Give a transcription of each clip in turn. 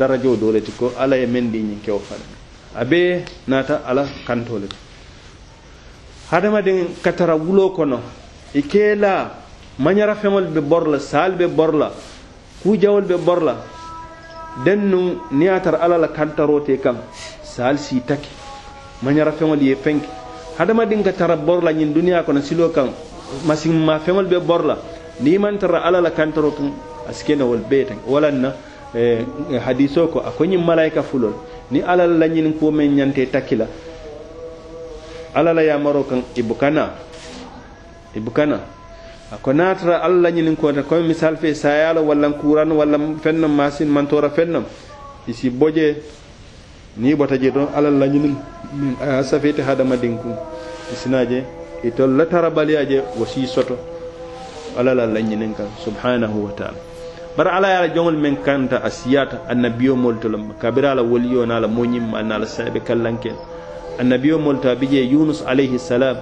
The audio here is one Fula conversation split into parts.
darajo doleti ko ala ye men di ñin kewo fana abe nata ala kanto le hadamadiŋ ka tara wulo kono i ke la mañara feŋol be borla la saal be bor la be borla dennu den niŋ a tara ala la kantaro te kaŋ saal si taki mañara feŋol ye fenke hadamadiŋ ka tara borla la ñiŋ duniyaa kono silo kaŋ masiŋ ma feŋol be borla la niŋ i maŋ tara ala la kantaro kaŋ a si ke wol bee teŋ walaŋ na Eh, eh, hadiso ko a ko ñiŋ malayika fulol ni alal la ñiniŋ kuwo meŋ ñante takkila alla la yamaro kan i bukana i bukana a ko naŋ a la ñiniŋ kuwo ta comme misal fe saya lo walla kurano walla feŋ nam masin mantora feŋ nam i si bo bota je to alal la ñiniŋ miŋ eh, a ye safeeti hadamadiŋ kuŋ i sina je itol la tarabaliya je soto alla la la ñiniŋ subhanahu wa taala bara ala ye jongol men kanta a annabiyo moolu to lema la woliyo niŋ a la moñimma niŋ a la annabiyo moolu bije yunus alayhi salam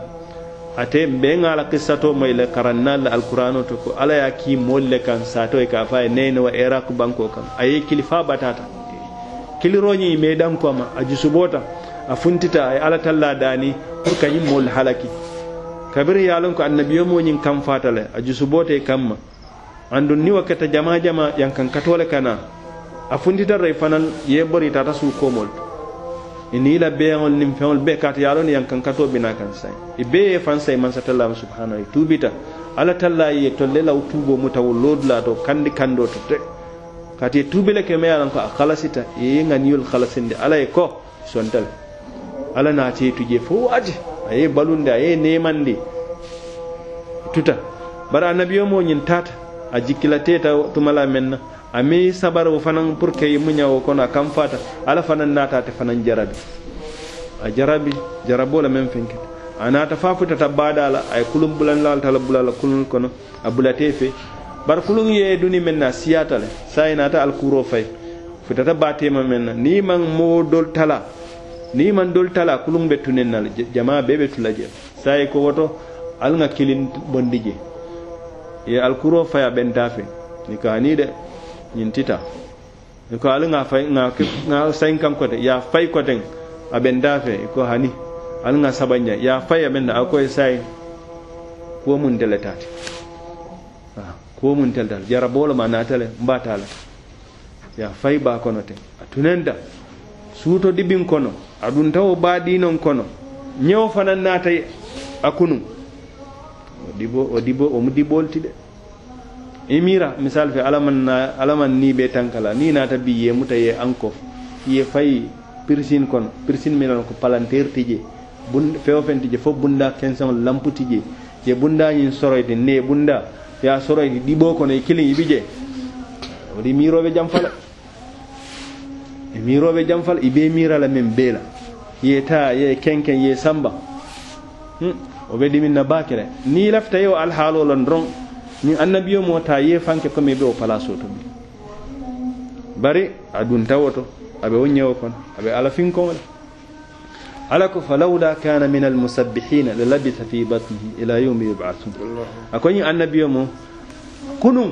ate mbeŋ a la kissato moyi le karanna la alkurano to ko ala ye a kii moolu le e ka fa e nene wa iraq banko kan a kilifa batata kiliroñi me kiliroñiŋ ko ma a jusuboota a funtita ay ala talla dani ko kañiŋ mol halaki kabir yalon ko annabiyo moñin kam fatale le a jusuboota ye ma andun ni keta jama jama yankan katole kana a funtitarra fanal ye bori tata suu komol ini la beyaŋol niŋ feŋol bee kaata ye a loŋ yankan kato bina kan saŋ i bee ye faŋ saŋ subhanahu tuubita ala talla ye tolle la tuubo muta wo loodula to kandi kando to te kati ye tuubi le keme a loŋ ko a halasita ye ye ŋaniyol halasindi alla ko sontale alla naate ye tuje fo waati a ye balundi nemandi ye neemandi tuta bari annabiyo mo ñiŋ tata a jikkilateta tumala men na a mi sabaro fanan pour que i muñawo kono a kamfata ala fanan natate fanan jarabi a jarabi jarabo la men fenkita a nata fafutata badala ay kulum bulan lal tala bulala kulun kono a bulate fe bar kulun ye duni men na siyata le say nata alkuro fay futata batema men na ni man mo dol tala ni man dol tala kulun betunen na jama bebe tulaje say ko woto alnga kilin bondije ye alkuro faya ɓentafe ni kani de ñin tita iko ala ga fay ga sayin kam kote ya fay koten a ɓentafe iko hani ala ga saɓaña ya fay a ɓenda akoye say ko mun deletati ko mun teldal jara bolo ma natale mbatala ya fay ba kono te atunenda suto dibin kono adun taw ba di non kono nyew fanan natay akunu o ɗibo o ɗibo omo ɗi ɓoltiɗe imira misal fe alamanna alaman ni ɓe tankala ni naata biye muta ye ankof ye fayi pirsin kon pirsin minon ko palantere tije bun fewfentije fof bunda kensan lamputije ye bundañin soroyde ne bunda ya soroyde ɗiɓo kono e kilin iɓije oɗi miroɓe jam fala e miroɓe jam fala iɓe mirala men beela ye ta ye kenken ye samba hmm? o ɓe ɗiminna bakire ni lafta yo alhaalolon ron ni annabiyo mo ta ye fanke comme ɓe o place o to ɓi bari a duntawoto aɓe woñewo kon aɓe ala finkoole ala ko fa lawda kana min almusabbihina le labita fi batnihi ila yumi yubathun a koñi annabiyo mo kunum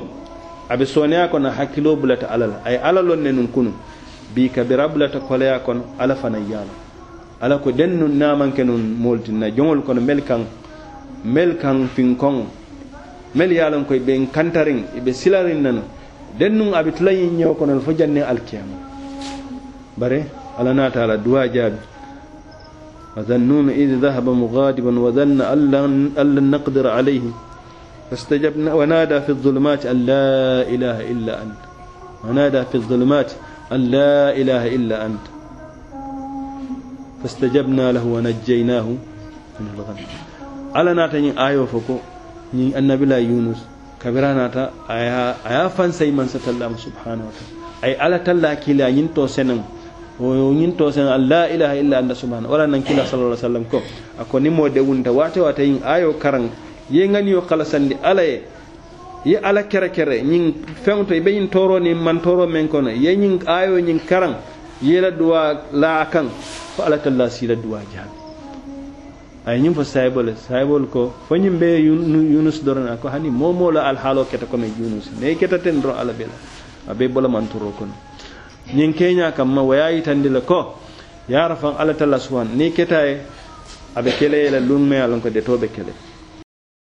aɓe sonaya kono hakkilo bulata alal ay alalon ne num kunum bi kabira bulata koleya kono ala fana yaalo ala ko dennu naman nun moltinna jongol kono mel kaŋ mel kaŋ finkoŋo mel yalan koy lon ko i be n kantariŋ i be silariŋ nanu dennuŋ a be tulayiŋ kono fo janne alkiyam bare ala na taala duwa jaabi وذنون إذ ذهب مغاضبا وظن أن لن نقدر عليه فاستجبنا ونادى في الظلمات أن لا إله إلا أنت ونادى في الظلمات أن لا إله إلا أنت fastajabna lahu wa najjaynahu min al-gham ala nata nyin ayo foko annabi la yunus kabira nata aya aya fan sai man satallam subhanahu wa ta'ala ay ala talla kila yin to senan o yin to senan la ilaha illa anta subhanahu wa ta'ala nan kila sallallahu alaihi wasallam ko ako ni mode wunta wate wate yin ayo karan ye ngani yo kala sandi ala ye ye ala kere kere nyin fengoto be yin toro ni man toro men kono ye yin ayo yin karan yela duwa la kan fo alla talla sila duwa jaabi ay ñum fo saybole saybol ko fo ñim ɓe yunus dorona ko hani momola alhaalo keta comme junus ne keta ten ro alla bela abe bolamanturo kono ñin keña kam ma waya yitandi la ko yarafan alla talla suwan ni keta e aɓe kele yela lunmeyalon ko detoɓe kele